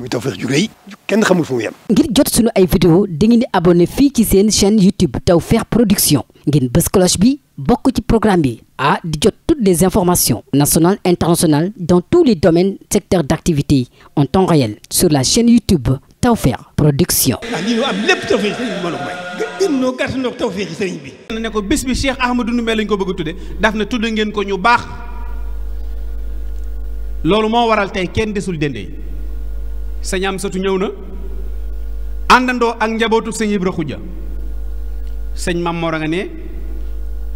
muy Tawfekh ju rëy kenn xamul fu mu yem. ngir jot sunu ay vidéo dangeen di abonné fii ci seen chaîne YouTube Tawfekh Production ngeen bës bi bokk ci programme bi ah di jot toutes des informations nationales internationales dans tous les domaines secteurs d'activité en temps réel sur la chaîne YouTube Tawfekh Production. ah lii ñu am lépp Tawfekh sëriñ bi mbooloo mooy. gën ñoo gàtt ñoo Tawfekh sëriñ bi. ne ko bés bi Cheikh Ahmadou Ndoumbe lañ ko bëgg a tuddee daf na tudd ngeen ko ñu baax loolu moo waral tey kenn desul dende sëñ Amsatu ñëw na àndandoo ak njabootu sëñ Ibra Xujja sëñ Mam a nga ne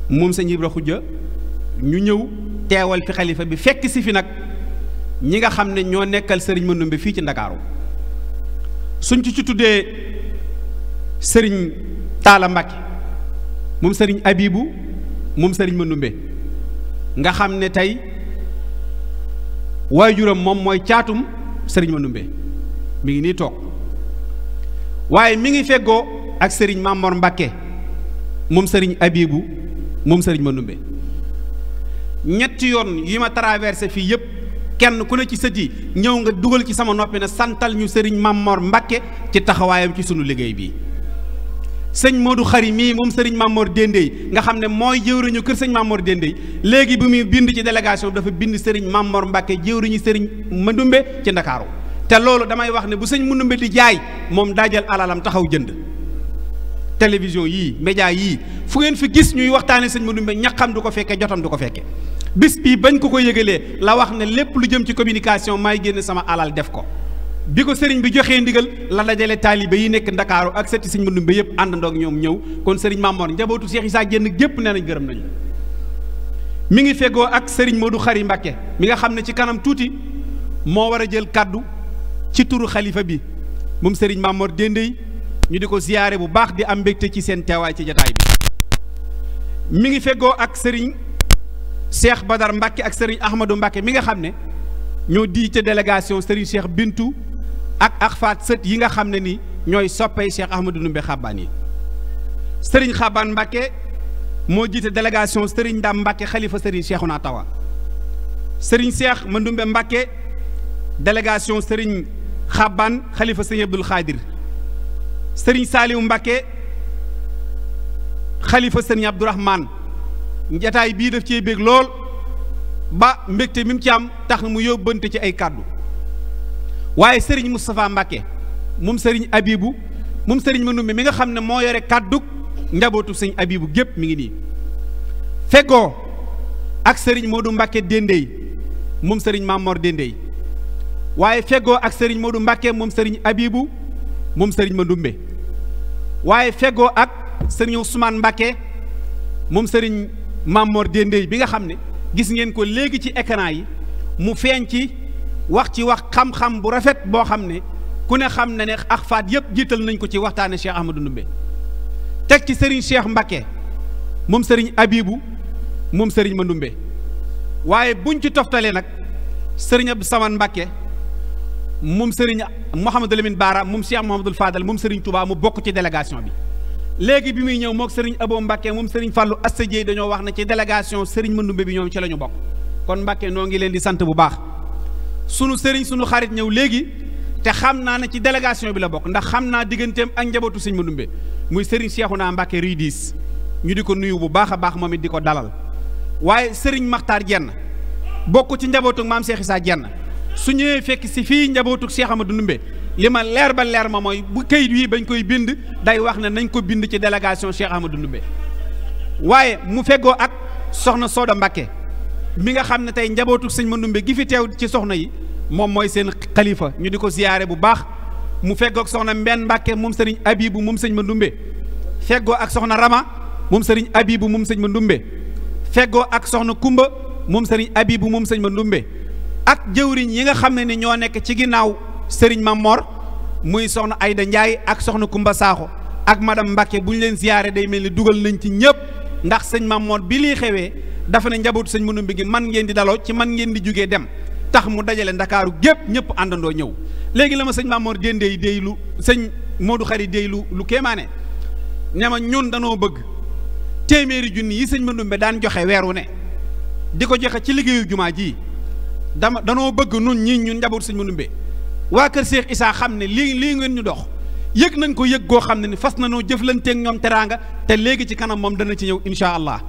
moom sëñ Ibra Xujja ñu ñëw teewal fi xalifa bi fekk si fi nag ñi nga xam ne ñoo nekkal sëriñ Mandumbe fii ci Ndakaaru suñ ci ci tuddee sëriñ Taala Mbàkke moom sëriñ Abibu moom sëriñ Mandumbe nga xam ne tey waajuram moom mooy caatum sëriñ Mandumbe mi ngi nii toog waaye mi ngi fegoo ak sëriñ Mamor Mbàkke moom sëriñ Abibu moom sëriñ ma Manumbe ñetti yoon yi ma traversé fii yëpp kenn ku ne ci sët ñëw nga dugal ci sama noppi ne santal ñu sëriñ Mamor Mbàkke ci taxawaayam ci sunu liggéey bi sëñ Modou Xari mii moom sëriñ mamoor Dendey nga xam ne mooy jëwriñu kër sëñ Mamor Dendey léegi bi muy bind ci délégation bi dafa bind sëriñ Mamor Mbàkke jëwriñu sëriñ Mandumbe ci Ndakaaru te loolu damay wax ne bu sëñ mu numbe di jaay moom daa jël alalam taxaw jënd télévision yii média yii fu ngeen fi gis ñuy waxtaane sëñ mu numbe ñaqam du ko fekke jotam du ko fekke bis bii bañ ko ko yëgalee la wax ne lépp lu jëm ci communication maay génn sama alal def ko bi ko sëriñ bi joxee ndigal la dajale taalibe yi nekk ndakaaru ak setti sëñ Mandumbe yëpp àndandoo ak ñoom ñëw kon sëriñ Mamor njabootu seex Cheikh Issa Diène gépp nee nañ gërëm nañu mi ngi fegoo ak sëriñ Modou Khary Mbacké mi nga xam ne ci kanam tuuti moo war a jël kaddu ci turu xalifa bi moom Serigne Mamor Dendey ñu di ko ziyaare bu baax di am mbégte ci seen teewaay ci jataay bi mi ngi fegoo ak sëriñ Cheikh Badar Mbacke ak Serigne Ahmadou Mbacke mi nga xam ne ñoo di ca délégation Serigne Bintu ak ak faat sët yi nga xam ne ni ñooy soppee Cheikh Ahmadou Ndoumbé Xabaan yi Serigne Xabaan Mbacke moo jiite délégation Serigne Ndam Mbacke xalifa Serigne Cheikhouna Tawa Serigne Cheikh Mandoumbe Mbacke délégation Serigne. xabbaan xalifa sëñ Abdul Xaadir sëriñ Saaliwu Mbakke xalifa sëriñ Abdourahman njataay bii daf cee bég lool ba mbégte mi mu ci am tax na mu yóbbante ci ay kàddu waaye sëriñ Moustapha Mbakke moom sëriñ Abibu moom sëriñ Manumbe mi nga xam ne moo yore kàddug njabootu sëñ Abibu gépp mi ngi nii feggoo ak sëriñ Modou Mbakke Dendey moom sëriñ Mamor Dendey waaye feggoo ak sëriñ Modou Mbacke moom sëriñ Abibu moom sëriñ ma Mandumbe waaye fegoo ak sëriñ Ousmane Mbacke moom sëriñ Mamor Dendey bi nga xam ne gis ngeen ko léegi ci écran yi mu feeñ ci wax ci wax xam-xam bu rafet boo xam ne ku ne xam na ne ak faat yëpp jiital nañ ko ci waxtaane Cheikh Ahmadou Ndumbe teg ci sëriñ Cheikh Mbacke moom sëriñ Abibu moom sëriñ Mandumbe waaye buñ ci toftalee nag sëriñ Abdou Samane Mbacke. moom Serigne Mouhamadou lemin Baara moom Cheikh Mouhamadou Fadal moom Serigne Touba mu bokk ci délégation bi léegi bi muy ñëw moo Serigne Abo Mbacke moom Serigne Fallou Asta dañoo wax na ci délégation Serigne Mandoumbe bi ñoom ci la bokk kon Mbacke noo ngi leen di sant bu baax sunu Serigne sunu xarit ñëw léegi te xam naa ne ci délégation bi la bokk ndax xam naa digganteem ak njabootu Serigne Mandoumbe muy Serigne naa Mbacke Ridis ñu di ko nuyu bu baax a baax moom di ko dalal waaye Serigne Makhtar Diène bokk ci njabootu maam Cheikh Issa Diène su ñëwee fekk si fii njabootu Cheikh Amadou Ndoumbé li ma leer ba leer ma mooy bu kayit wii bañ koy bind day wax ne nañ ko bind ci délégation Cheikh Amadou Ndoumbé waaye mu feggoo ak soxna Soda Mbakke mi nga xam ne tey njabootu sëñ ma Ndoumbé gi fi teew ci soxna yi moom mooy seen xalifa ñu di ko ziyaare bu baax mu feggoo ak soxna Mbenn Mbakke moom sëriñ Abibu moom sëñ ma Ndoumbé feggoo ak soxna Rama moom sëriñ Abibu moom sëñ ma Ndoumbé feggoo ak soxna Kumba moom sëriñ Abibu moom sëñ ma Ndoumbé ak jëwriñ yi nga xam ne ni ñoo nekk ci ginnaaw sëriñ Mamor muy soxna Ayda Ndiaye ak soxna Kumba Saaxo ak madame Mbacke bu ñu leen ziyaare day mel ni dugal nañ ci ñëpp ndax sëñ Mamor bi liy xewee dafa ne njabootu sëñ Munu bi gi man ngeen di daloo ci man ngeen di jógee dem tax mu dajale ndakaaru gépp ñëpp àndandoo ñëw léegi la ma sëñ Mamor déndee yi déy lu sëñ Modou Xari déy lu lu kéemaane ne ma ñun danoo bëgg téeméeri junni yi sëñ Munu daan joxe weeru ne di ko joxe ci liggéeyu jumaa ji dama danoo bëgg nun ñii ñun njaboot sëñ Mandumbe waa kër Cheikh isaa xam ne lii lii ngeen ñu dox yëg nañ ko yëg goo xam ne ni fas na noo jëflanteeg ñoom teraanga te léegi ci kanam moom dana ci ñëw incha allah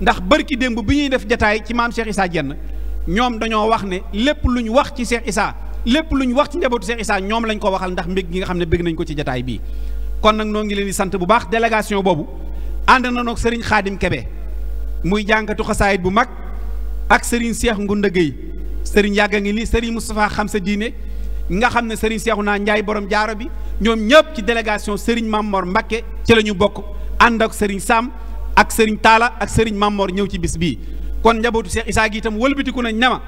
ndax barki démb bi ñuy def jataay ci maam Cheikh Issa Diène ñoom dañoo wax ne lépp lu ñu wax ci seex Issa lépp lu ñu wax ci njabootu seex Issa ñoom lañ ko waxal ndax mbég gi nga xam ne bégg nañ ko ci jataay bii kon nag noo ngi leen di sant bu baax délégation boobu ànd na noog Serigne Khadim Kebe muy jànkatu xasaayit bu mag ak Serigne Cheikh Ngunda Gueye sëriñ yàgg a ngi nii sëriñ Moustapha xam sa diine nga xam ne sëriñ naa Njaay borom jaaro bi ñoom ñëpp ci délégation sëriñ Mamor Mbakke ci la ñu bokk ànd ak sëriñ Sam ak sëriñ Taala ak sëriñ Mamor ñëw ci bis bi kon njabootu Cheikh Issa gi itam wëlbatiku nañ ñama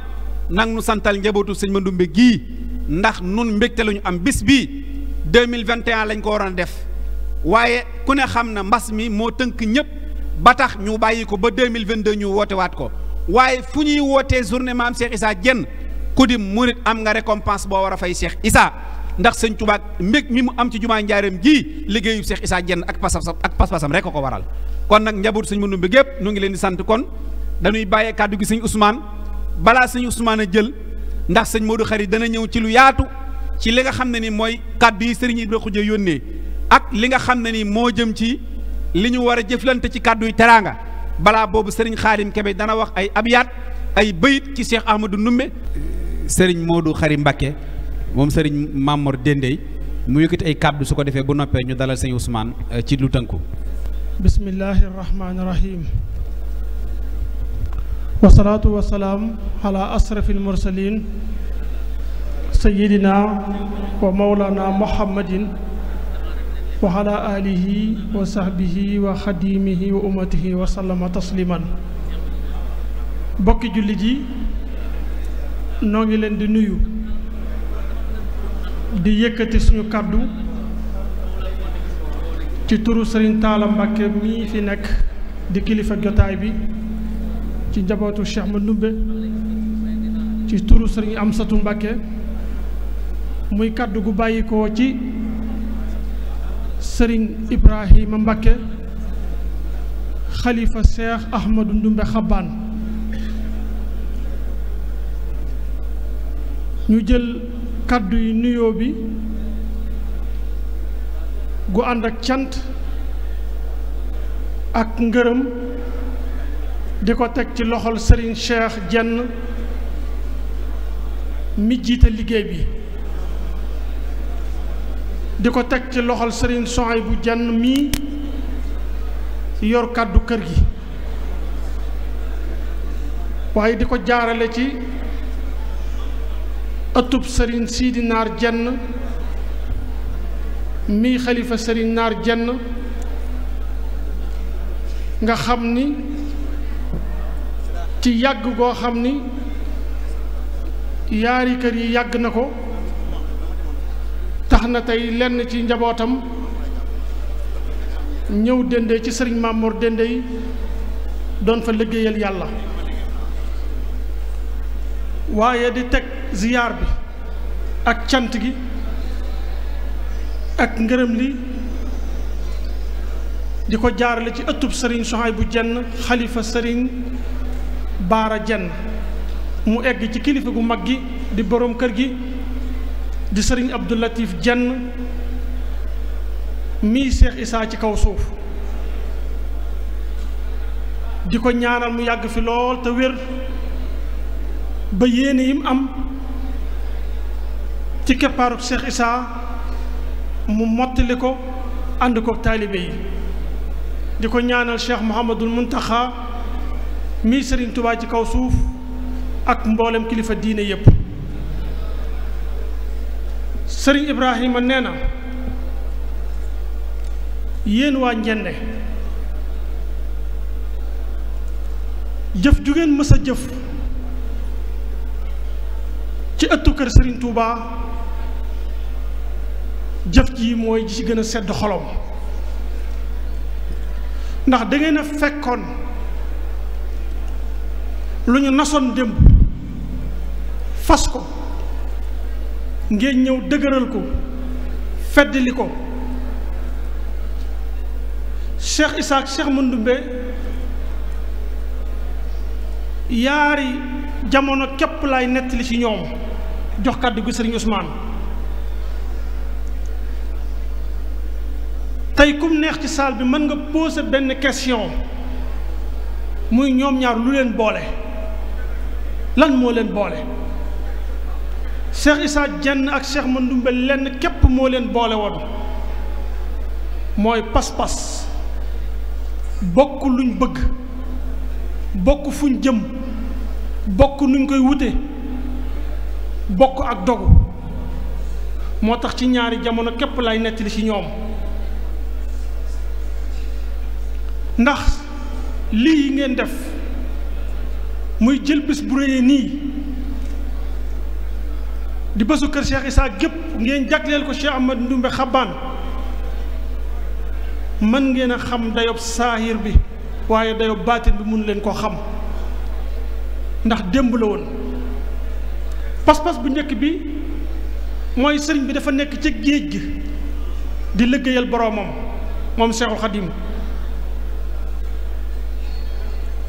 nag nu santal njabootu sëñ Mandumbe gii ndax nun mbégte la ñu am bis bii 2021 lañ ko waroon a def waaye ku ne xam na mbas mi moo tënk ñëpp ba tax ñu bàyyi ko ba 2022 ñu wootewaat ko. waaye fu ñuy wootee journée maam Cheikh Issa Diène ku di murit am nga récompense boo war a fay Cheikh Issa ndax sëñ Tuubaa mbég mi mu am ci jumaa njaareem ji liggéeyu Cheikh Issa Diène ak pasam ak pas-pasam rek ko ko waral kon nag njaboot sëñ Mandumbe gépp nu ngi leen di sant kon dañuy bàyyee kàddu gi sëñ Ousmane balaa sëñ Ousmane a jël ndax sëñ Modou Khari dana ñëw ci lu yaatu ci li nga xam ne ni mooy kàddu yi sëriñ Ibra Khoudia yónnee ak li nga xam ne ni moo jëm ci li ñu war a jëflante ci kàddu yi teraanga balaa boobu sëriñ xaadim kebe dana wax ay abyaat ay bayit ci Cheikh Ahmadou Ndoumbé sëriñ Modou Khary Mbacké moom sëriñ Mamor Dendey mu yëkkati ay kàddu su ko defee bu noppee ñu dalal sëñ Ousmane euh, ci lu tënku bismillahi rahmaani rahim wasalaatu wasalaam ala asrafi almursalin sayidina wa mawlana muhammadin wa ala alihi wa sahbihi wa xadimihi wa ummatihi wa sallama tasliman bokki jullit yi noo ngi leen di nuyu di yëkkati suñu kàddu ci turu Serigne Talla Mbacke mii fi nekk di kilifa jotaay bi ci njabootu Cheikh Mandoumbe ci turu Serigne Amsatu Mbacke muy kàddu gu bàyyikoo ci sëriñ Ibrahima Mbakke xalifa Cheikh Ahmadou Ndumbe Xabbaan ñu jël kàddu yi nuyoo bi gu ànd ak cant ak ngërëm di ko teg ci loxol sëriñ Cheikh Jenn mi jiite liggéey bi di ko teg ci loxol sëriñ soxay bu jenn mii yor kàddu kër gi waaye di ko jaarale ci ëttub sëriñ siidi naar jenn mii xalifa sëriñ naar jenn nga xam ni ci yàgg goo xam ni yaari kër yi yàgg na ko na tey lenn ci njabootam ñëw dende ci sëriñ Mamour dende yi doon fa liggéeyal yàlla waaye di teg ziyaar bi ak cant gi ak ngërëm li di ko jaarale ci ëttub sëriñ Soxaay bu jenn xalifa sëriñ Baara jenn mu egg ci kilifa gu mag gi di boroom kër gi di sëriñ Abdou Latif Diène mii Cheikh Issa ci kaw suuf di ko ñaanal mu yàgg fi lool te wér ba yéene yi am ci keppaaru Cheikh Issa mu mottali ko ànd ko taalibe yi di ko ñaanal Cheikh Mouhamadul Muntaxa mii sëriñ Tubaa ci kaw suuf ak mboolem kilifa diine yépp sëriñ Ibrahima nee na yéen waa Njende jëf ju ngeen mës a jëf ci ëttu kër sëriñ Touba jëf jii mooy ji ci gën a sedd xolom ndax da ngeen a fekkoon lu ñu nasoon démb fas ko ngeen ñëw dëgëral ko feddli ko Cheikh Isaac Cheikh Mandumbe yaari jamono képp laay nettali ci ñoom jox kàddu gu Sëriñ tey kum neex ci salle bi mën nga poser benn question muy ñoom ñaar lu leen boole lan moo leen boole Cheikh Issa Dieng ak Cheikh Mandoumbe lenn képp moo leen boole woon mooy pas-pas bokk luñ bëgg bokk fuñ jëm bokk nuñ koy wute bokk ak dogu moo tax ci ñaari jamono képp lay nettali ci ñoom ndax lii ngeen def muy jël bis bu réyee nii di bésu kër Cheikh Issa gépp ngeen jagleel ko Cheikh Ahmad Ndumbe xaban mën ngeen a xam dayob saahir bi waaye dayob baatin bi mun leen koo xam ndax démb la woon pas-pas bu njëkk bi mooy sëriñ bi dafa nekk ca géej gi di liggéeyal boroomam moom Seexul Xadim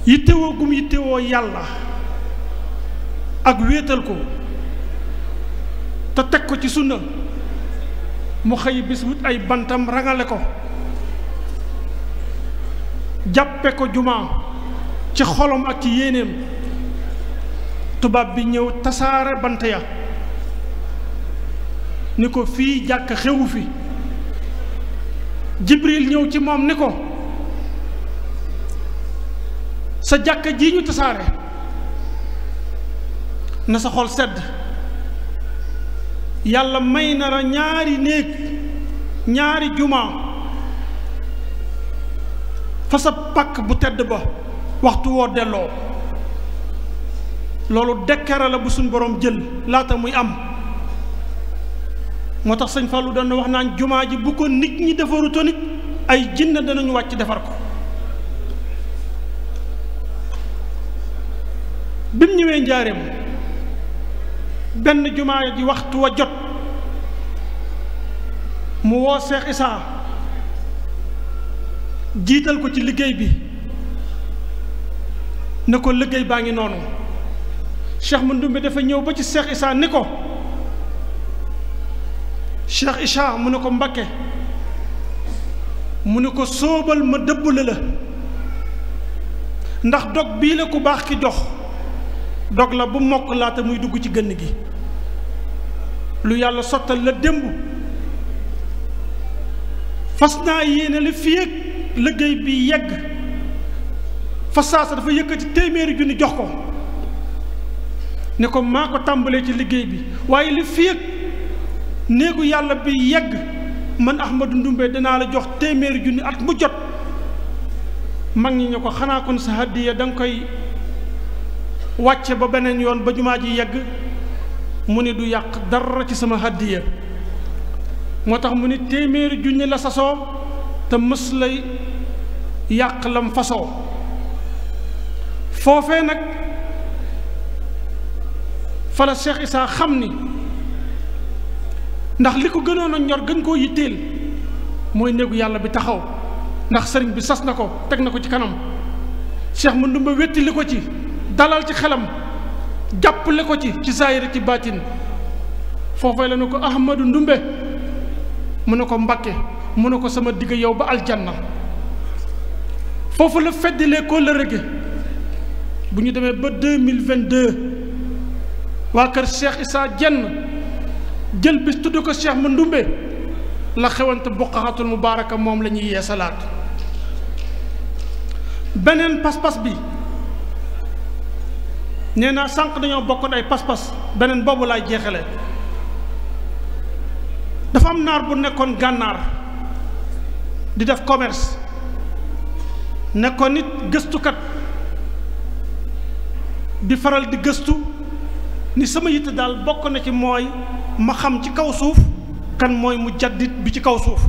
yittewoo gum yittewoo yàlla ak wéetal ko te teg ko ci sunna mu xëy bis wut ay bantam rangale ko jàppe ko jumaa ci xolom ak ci yéeneem tubaab bi ñëw tasaare bant ya ni ko fii jàkk xewu fi jibril ñëw ci moom ni ko sa jàkk ji ñu tasaare na sa xol sedd yàlla may na la ñaari néeg ñaari jumaa fa sa pàkk bu tedd ba waxtu woo delloo loolu dekkara la bu suñ boroom jël laata muy am moo tax sëñ Fallou dana wax naan jumaa ji bu ko nit ñi defaru tonit ay jinne danañu wàcc defar ko bi mu ñëwee njaareem benn jumaa ji waxtu wa jot mu woo Seex Isaa jiital ko ci liggéey bi ne ko liggéey baa ngi noonu Cheikh Mandumbe dafa ñëw ba ci Seex Isaa ni ko Cheikh Isaa mu ne ko Mbakke mu ne ko sóobal ma dëbbale la ndax dog bii la ku baax ki jox dog la bu mokk laata muy dugg ci gënn gi lu yàlla sottal la démb fas naa yéene li fii liggéey bi yegg fa saasa dafa yëkkati téeméeri junni jox ko ne ko maa ko tàmbalee ci liggéey bi waaye li fii néegu yàlla bi yegg man Ahmadou Ndumbe danaa la jox téeméeri junni at mu jot mag ñi ne ko xanaa kon sa hadiya da koy wàcce ba beneen yoon ba jumaa ji yegg mu ni du yàq dara ci sama hàddiya moo tax mu ni téeméeri junni la sasoo te mës lay yàq lam fasoo foofe nag fala Cheikh Isaa xam ni ndax li ko gënoon a ñor gën koo yitteel mooy néegu yàlla bi taxaw ndax sëriñ bi sas na ko teg na ko ci kanam Cheikh Mandumba wetti li ko ci dalal ci xelam jàppale ko ci ci saayir ci baatin foofee la ne ko ahmadu ndumbe mu ne ko mbakke mu ne ko sama digg yow ba aljanna foofu la feddilee koo la bu ñu demee ba deux mille vingt deux waa kër Cheikh Issa Diène jël bis tudd ko Cheikh ma ndumbe la xewante buqaxatul mubaaraka moom lañuy yee salaat beneen pas-pas bi nee naa sànq dañoo bokkoon ay pas-pas beneen boobu laay jeexale dafa am naar bu nekkoon gànnaar di def commerce nekkoon nit gëstukat di faral di gëstu ni sama yitt daal bokk na ci mooy ma xam ci kaw suuf kan mooy mujaddid bi ci kaw suuf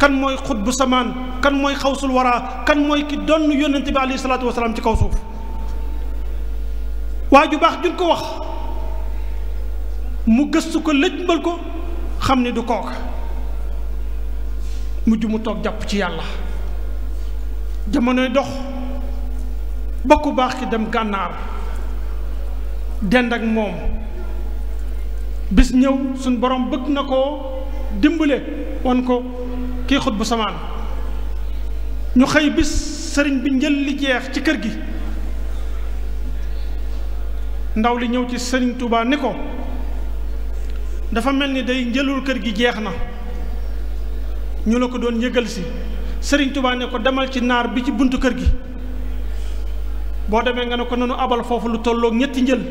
kan mooy xutbu samaan kan mooy xawsul waraa kan mooy ki doon yónnente bi alayhi salaatu wasalaam ci kaw suuf waa ju baax juñ ko wax mu gëstu ko lëjbal ko xam ne du kooka mujj mu toog jàpp ci yàlla jamonoy dox bokku baax ki dem gànnaar dend ak moom bis ñëw suñ borom bëgg na koo dimbale wan ko kii xut bu samaan ñu xëy bis sëriñ bi njël li jeex ci kër gi ndaw li ñëw ci sëriñ Touba ni ko dafa mel ni day njëlul kër gi jeex na ñu la ko doon yëgal si sëriñ Touba ne ko demal ci naar bi ci buntu kër gi boo demee nga ne ko nanu abal foofu lu tollook ñetti njël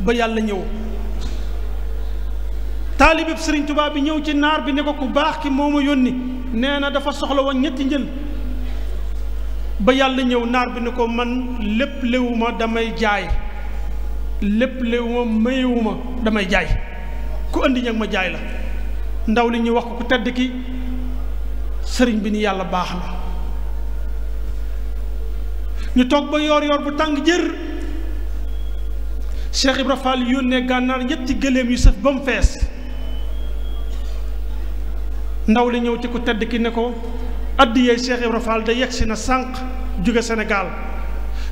ba yàlla ñëw taalibeb sëriñ Touba bi ñëw ci naar bi ne ko ku baax ki moo ma yónni nee na dafa soxla woon ñetti njël ba yàlla ñëw naar bi ne ko man lépp léwu damay jaay lépp léewuma mayewuma damay jaay ku andi ñag ma jaay la ndaw li ñuy wax ko ku tedd ki sëriñ bi ni yàlla baax na ñu toog ba yoor yoor bu tàng jër Cheikh Ibra Fall yónnee gànnaar ñetti gëléem yu sëf ba mu fees ndaw li ñëw ci ku tedd ki ne ko addiyee Cheikh Ibra Fall da yegg na sànq jóge senegaal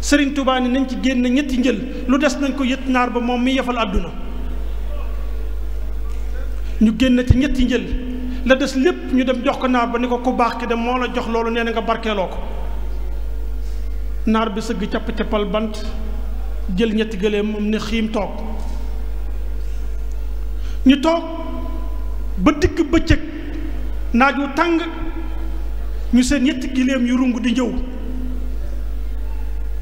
sëriñ Touba nañ ci génn ñetti njël lu des nañ ko yët naar ba moom mi yefal àdduna ñu génn ci ñetti njël la des lépp ñu dem jox ko naar ba ni ko ku baax ki dem moo la jox loolu nee na nga barkeeloo ko naar bi sëgg capp cappal bant jël ñetti gëléem moom ne xiim toog ñu toog ba digg bëccëg naaj wu tàng ñu seen ñetti gëléem yu rungu di ñëw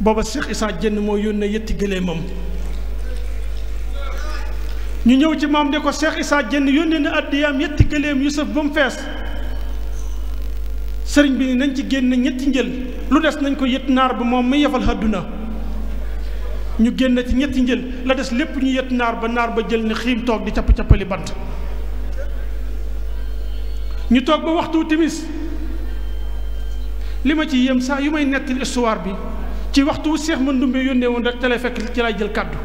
booba Cheikh Issa Dieng moo yónnee yetti gëléemam ñu ñëw ci moom ne ko Cheikh Issa Dieng yónnee na addiyaam yetti gëléem Yusuf ba mu fees sëriñ bi ni nañ ci génn ñetti njël lu des nañ ko yëtt naar ba moom mi yefal àdduna ñu génn ci ñetti njël la des lépp ñu yët naar ba naar ba jël ne xiim toog di càpp cappali bant ñu toog ba waxtu timis li ma ci yéem saa yu may nettali histoire bi ci waxtu seex Cheikh Mandoumbe yónnee woon rek te lay fekk ci lay jël kàddu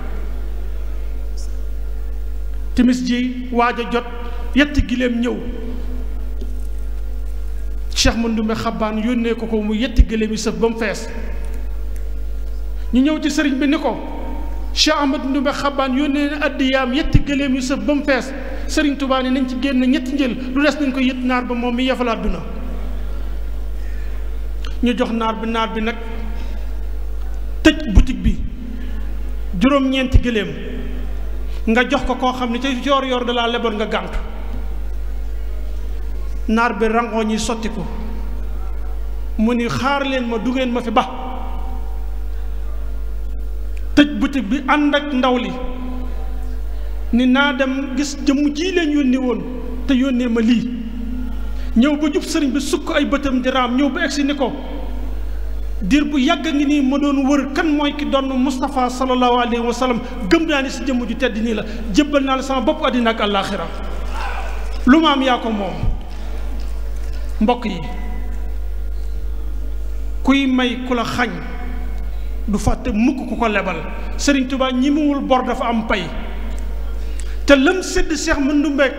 timis ji waaja jot yetti giléem ñëw Cheikh Mandoumbe xabaan yónnee ko ko mu yetti gileem yu sëf ba mu fees ñu ñëw ci sëriñ bi ni ko Cheikh Ahmad Ndumbe xabaan yónnee na addiyaam yetti gëléem yu sëf ba mu fees sëriñ Tuubaa ne nañ ci génn ñetti njël lu des nañ ko yët naar ba moom mi yafalaat duna ñu jox naar bi naar bi nag tëj boutique bi juróom-ñeenti gëléem nga jox ko koo xam ne ca yoor yoor da laa leboon nga gàntu naar bi rangoo ñi sotti ko mu ni xaarleen ma du ngeen ma fi ba tëj boutique bi ànd ak ndaw li ni naa dem gis jëmm ji leen yónni woon te yónnee ma lii ñëw ba jub sëriñ bi sukk ay bëtam di raam ñëw ba egsi ni ko diir bu yàgg a ngi nii ma doon wër kan mooy ki doon Moustapha sallallahu alayhi wa sallam gëm naa ne si jëmm ju tedd nii la jébbal naa la sama bopp àddina ak àllaaxira lu ma am yaa ko moom mbokk yi kuy may ku la xañ du fàtte mukk ku ko lebal Sëriñ Tuubaa ñi muwul bor dafa am pay te lëm sédd Cheikh Mëndu Mbeek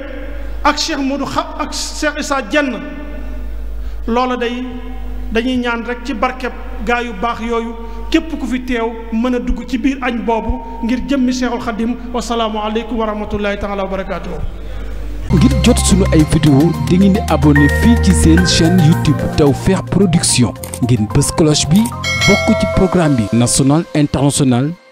ak Cheikh Modou xa ak Cheikh Issa Dieng loola day dañuy ñaan rek ci barkeb gaa yu baax yooyu képp ku fi teew mën a dugg ci biir añ boobu ngir jëmmi Cheikhul Khadim wasalaamu aleykum wa rahmatullahi taala wa barakaatuhu ngir jot sunu ay vidéo di ngeen di abonné fii ci seen chaîne YouTube Tawfekh Production ngeen bës cloche bi bokk ci programme bi national international